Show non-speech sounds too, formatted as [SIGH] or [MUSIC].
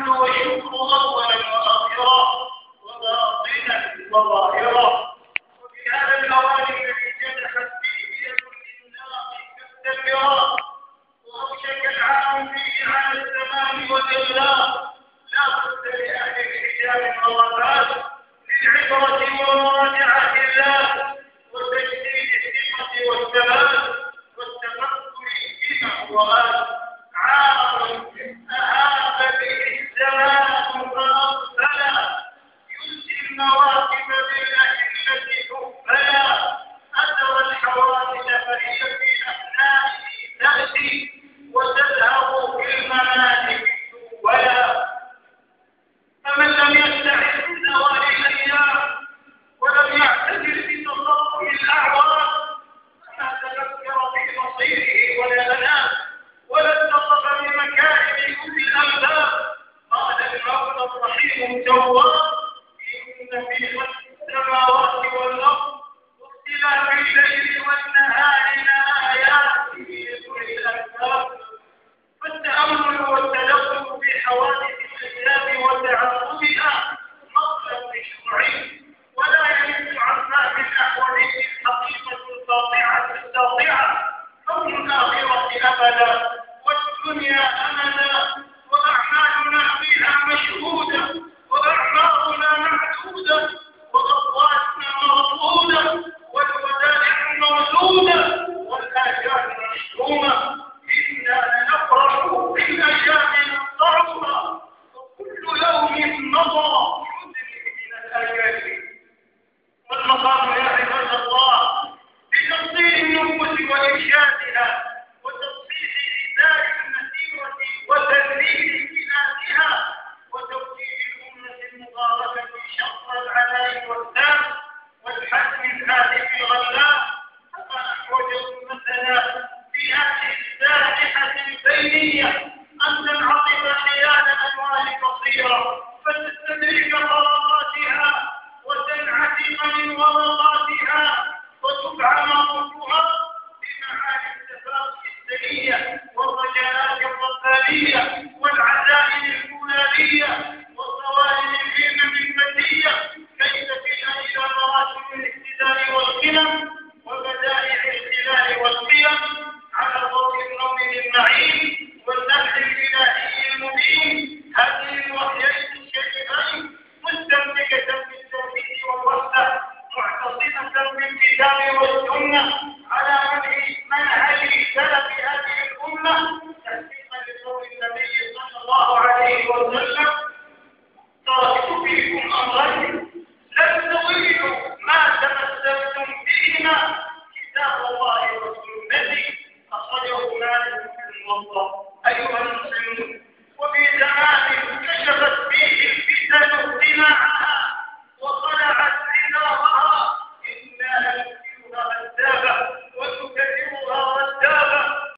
الحمد وشكر والمغفرة Thank [LAUGHS] you. ¡Gracias! بالنية أن تنعطف حيال الأموال قصيرة فتستدرك طلقاتها وتنعتق من ورقاتها وتبهم روحها بمعاني التفاؤل السنية والرجاءات الربانية والعزائم الفولاذية النبي صلى الله عليه وسلم تركت فيكم أمرين لن تضلوا ما تمسكتم بهما كتاب الله وسنتي أخرجه مالك في